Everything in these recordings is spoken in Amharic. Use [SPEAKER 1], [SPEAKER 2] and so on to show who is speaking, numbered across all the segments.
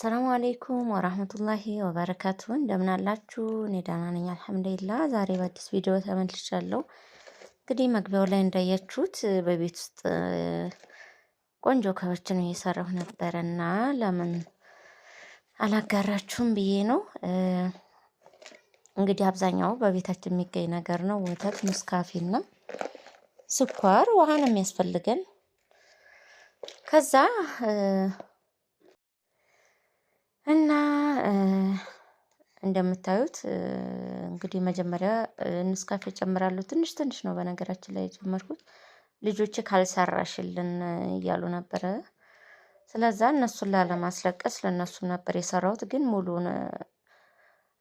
[SPEAKER 1] አሰላሙ አሌይኩም ወራህመቱላሂ ወበረካቱ እንደምን አላችሁ? እኔ ደህና ነኝ አልሐምዱሊላህ። ዛሬ በአዲስ ቪዲዮ ተመልሻለሁ። እንግዲህ መግቢያው ላይ እንዳያችሁት በቤት ውስጥ ቆንጆ ከብችን እየሰራሁ ነበረ እና ለምን አላጋራችሁም ብዬ ነው። እንግዲህ አብዛኛው በቤታችን የሚገኝ ነገር ነው። ወተት፣ ሙስካፊና ስኳር፣ ውሃ ነው የሚያስፈልገን ከዛ እና እንደምታዩት እንግዲህ መጀመሪያ ንስካፌ ጨምራለሁ። ትንሽ ትንሽ ነው በነገራችን ላይ የጨመርኩት ልጆች ካልሰራሽልን እያሉ ነበረ። ስለዛ እነሱን ላለማስለቀስ ለእነሱም ነበር የሰራሁት። ግን ሙሉን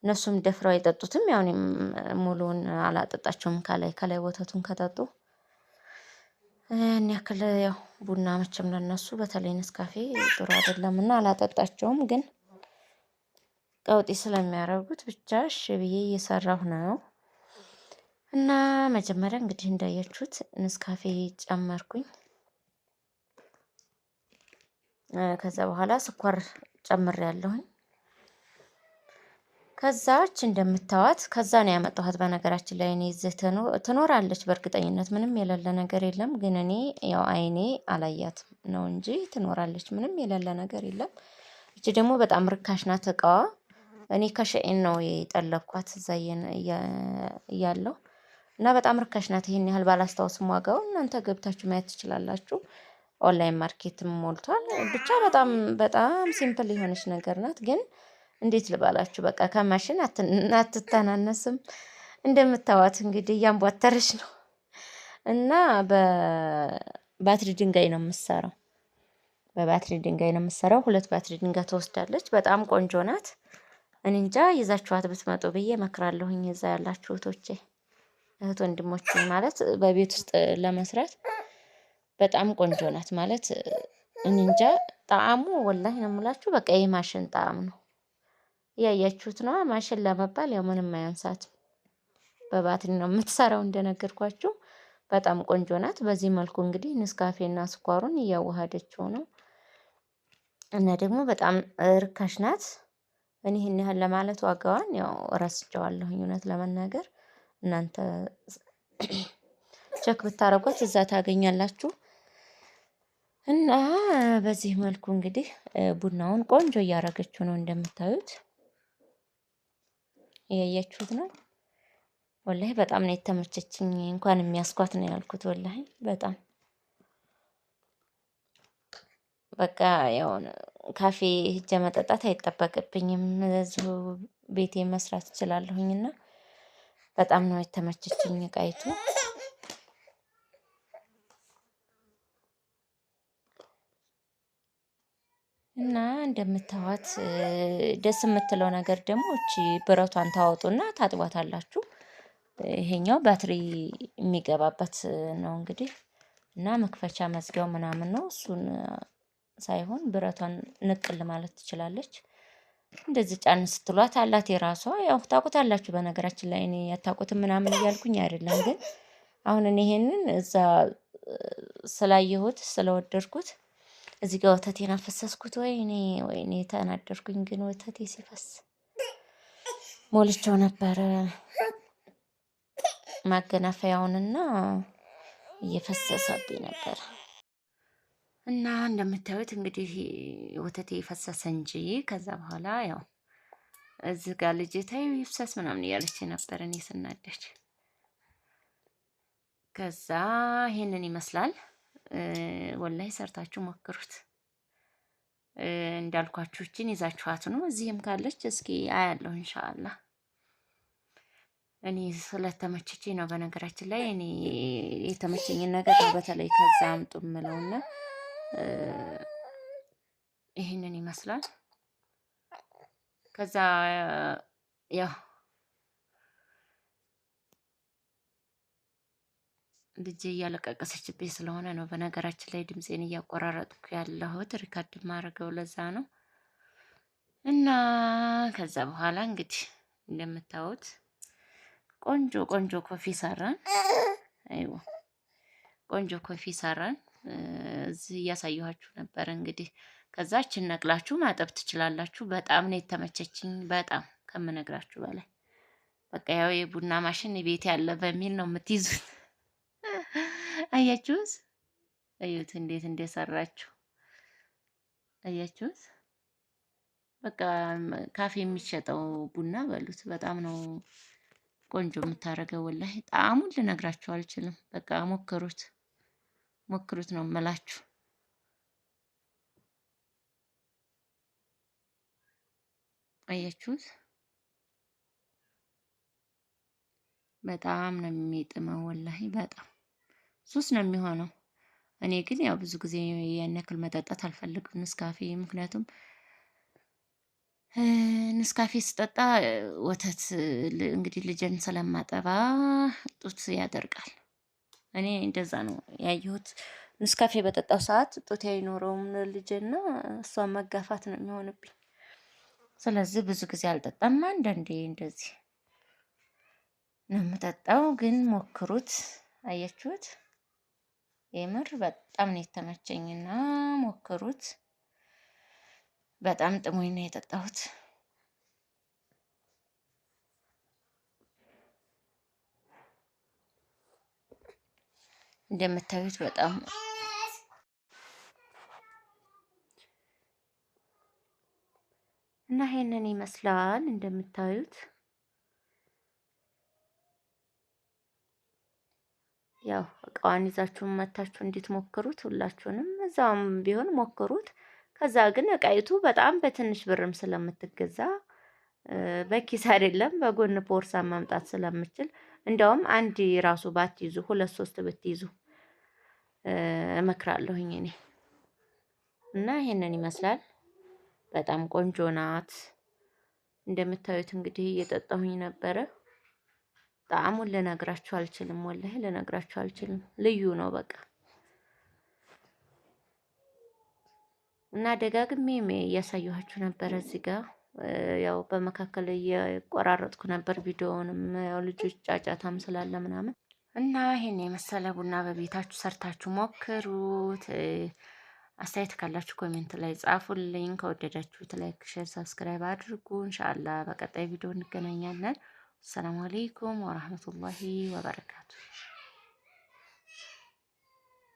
[SPEAKER 1] እነሱም ደፍረው አይጠጡትም። ያው እኔም አላጠጣቸውም። ከላይ ከላይ ወተቱን ከጠጡ እኔ ያክል ያው ቡና መቼም ለእነሱ በተለይ ንስካፌ ጥሩ አይደለምና አላጠጣቸውም ግን ቀውጢ ስለሚያደርጉት ብቻ እሺ ብዬ እየሰራሁ ነው። እና መጀመሪያ እንግዲህ እንዳያችሁት ንስካፌ ጨመርኩኝ። ከዛ በኋላ ስኳር ጨምር ያለሁኝ ከዛች እንደምታዋት ከዛ ነው ያመጣኋት። በነገራችን ላይ እኔ ዝህ ትኖራለች በእርግጠኝነት ምንም የሌለ ነገር የለም። ግን እኔ ያው አይኔ አላያትም ነው እንጂ ትኖራለች። ምንም የሌለ ነገር የለም። እች ደግሞ በጣም ርካሽ ናት እቃዋ። እኔ ከሸኤን ነው የጠለብኳት እዛ እያለው እና በጣም ርካሽ ናት። ይሄን ያህል ባላስታውስም ዋጋው እናንተ ገብታችሁ ማየት ትችላላችሁ። ኦንላይን ማርኬትም ሞልቷል። ብቻ በጣም በጣም ሲምፕል የሆነች ነገር ናት። ግን እንዴት ልባላችሁ በቃ ከማሽን አትተናነስም። እንደምታዋት እንግዲህ እያንቧተረች ነው እና በባትሪ ድንጋይ ነው የምሰራው በባትሪ ድንጋይ ነው የምሰራው። ሁለት ባትሪ ድንጋይ ትወስዳለች። በጣም ቆንጆ ናት። እንንጃ ይዛችኋት ብትመጡ ብዬ መክራለሁኝ። እዛ ያላችሁ እህቶቼ እህት ወንድሞቼ፣ ማለት በቤት ውስጥ ለመስራት በጣም ቆንጆ ናት ማለት እንንጃ። ጣዕሙ ወላሂ ነው የምላችሁ፣ በቃ የማሽን ጣዕም ነው እያያችሁት ነዋ። ማሽን ለመባል ያው ምንም ማያንሳት በባትሪ ነው የምትሰራው እንደነገርኳችሁ። በጣም ቆንጆ ናት። በዚህ መልኩ እንግዲህ ንስካፌና ስኳሩን እያዋሃደችው ነው እና ደግሞ በጣም ርካሽ ናት። እኔ ይህን ያህል ለማለት ዋጋዋን ያው ረስቼዋለሁኝ እውነት ለመናገር እናንተ ቸክ ብታረጓት እዛ ታገኛላችሁ። እና በዚህ መልኩ እንግዲህ ቡናውን ቆንጆ እያደረገችው ነው እንደምታዩት እያያችሁት ነው። ወላሂ በጣም ነው የተመቸችኝ። እንኳን የሚያስኳት ነው ያልኩት። ወላሂ በጣም በቃ ያው ካፌ ሄጄ መጠጣት አይጠበቅብኝም እዚሁ ቤቴ መስራት እችላለሁኝ። እና በጣም ነው የተመቸችኝ እቃይቱ። እና እንደምታዋት ደስ የምትለው ነገር ደግሞ እቺ ብረቷን ታወጡና ታጥቧታላችሁ። ይሄኛው ባትሪ የሚገባበት ነው እንግዲህ እና መክፈቻ መዝጊያው ምናምን ነው እሱን ሳይሆን ብረቷን ንቅል ማለት ትችላለች። እንደዚህ ጫን ስትሏት አላት የራሷ ያው ታውቁታላችሁ። በነገራችን ላይ እኔ ያታውቁትም ምናምን እያልኩኝ አይደለም፣ ግን አሁን እኔ ይሄንን እዛ ስላየሁት ስለወደድኩት እዚህ ጋር ወተቴን አፈሰስኩት። ወይኔ ወይኔ ተናደርኩኝ፣ ግን ወተቴ ሲፈስ ሞልቼው ነበረ ማገናፈያውንና እየፈሰሰብኝ ነበር። እና እንደምታዩት እንግዲህ ወተቴ የፈሰሰ እንጂ ከዛ በኋላ ያው እዚህ ጋር ልጄ ታዩ ይፍሰስ ምናምን እያለች ነበር እኔ ስናደች። ከዛ ይሄንን ይመስላል። ወላይ ሰርታችሁ ሞክሩት። እንዳልኳችሁ እችን ይዛችኋት ነው። እዚህም ካለች እስኪ አያለሁ እንሻላ እኔ ስለተመቸቼ ነው። በነገራችን ላይ እኔ የተመቸኝን ነገር በተለይ ከዛ አምጡ ምለውና ይህንን ይመስላል። ከዛ ያው ልጄ እያለቀቀሰችብኝ ስለሆነ ነው። በነገራችን ላይ ድምፄን እያቆራረጥኩ ያለሁት ሪካርድ ማድረገው ለዛ ነው። እና ከዛ በኋላ እንግዲህ እንደምታዩት ቆንጆ ቆንጆ ኮፊ ሰራን። አይዋ ቆንጆ ኮፊ ሰራን። እዚህ እያሳየኋችሁ ነበር። እንግዲህ ከዛች ነቅላችሁ ማጠብ ትችላላችሁ። በጣም ነው የተመቸችኝ፣ በጣም ከምነግራችሁ በላይ በቃ ያው የቡና ማሽን ቤት ያለ በሚል ነው የምትይዙት። አያችሁት? እዩት እንዴት እንደሰራችሁ አያችሁት? በቃ ካፌ የሚሸጠው ቡና በሉት። በጣም ነው ቆንጆ የምታደርገው። ወላሂ ጣዕሙን ልነግራችሁ አልችልም። በቃ ሞክሩት። ሞክሩት ነው የምላችሁ። አያችሁት? በጣም ነው የሚጥመው። ወላሂ በጣም ሱስ ነው የሚሆነው። እኔ ግን ያው ብዙ ጊዜ ያን ያክል መጠጣት አልፈልግም ንስካፌ። ምክንያቱም ንስካፌ ስጠጣ ወተት እንግዲህ ልጄን ስለማጠባ ጡት ያደርቃል። እኔ እንደዛ ነው ያየሁት። ንስካፌ በጠጣው ሰዓት ጡቴ አይኖረውም ልጅና እሷን መጋፋት ነው የሚሆንብኝ። ስለዚህ ብዙ ጊዜ አልጠጣም። አንዳንዴ እንደዚህ ነው የምጠጣው። ግን ሞክሩት። አያችሁት? የምር በጣም ነው የተመቸኝና ሞክሩት። በጣም ጥሙኝ ነው የጠጣሁት። እንደምታዩት በጣም እና ይሄንን ይመስላል እንደምታዩት። ያው እቃዋን ይዛችሁን መታችሁ እንድትሞክሩት ሁላችሁንም እዛውም ቢሆን ሞክሩት። ከዛ ግን እቃይቱ በጣም በትንሽ ብርም ስለምትገዛ በኪስ አይደለም በጎን ፖርሳ ማምጣት ስለምችል እንደውም አንድ ራሱ ባትይዙ ሁለት ሶስት ብትይዙ እመክራለሁኝ እኔ እና ይሄንን ይመስላል። በጣም ቆንጆ ናት። እንደምታዩት እንግዲህ እየጠጣሁኝ ነበረ። ጣዕሙን ልነግራችሁ አልችልም፣ ወላሂ ልነግራችሁ አልችልም። ልዩ ነው በቃ እና ደጋግሜ እያሳየኋችሁ ነበረ እዚህ ጋር ያው በመካከል እየቆራረጥኩ ነበር ቪዲዮውንም፣ ያው ልጆች ጫጫታም ስላለ ምናምን እና ይሄን የመሰለ ቡና በቤታችሁ ሰርታችሁ ሞክሩት። አስተያየት ካላችሁ ኮሜንት ላይ ጻፉልኝ። ከወደዳችሁት ላይክ፣ ሼር፣ ሰብስክራይብ አድርጉ። እንሻላ በቀጣይ ቪዲዮ እንገናኛለን። አሰላሙ አሌይኩም ወራህመቱላሂ ወበረካቱ።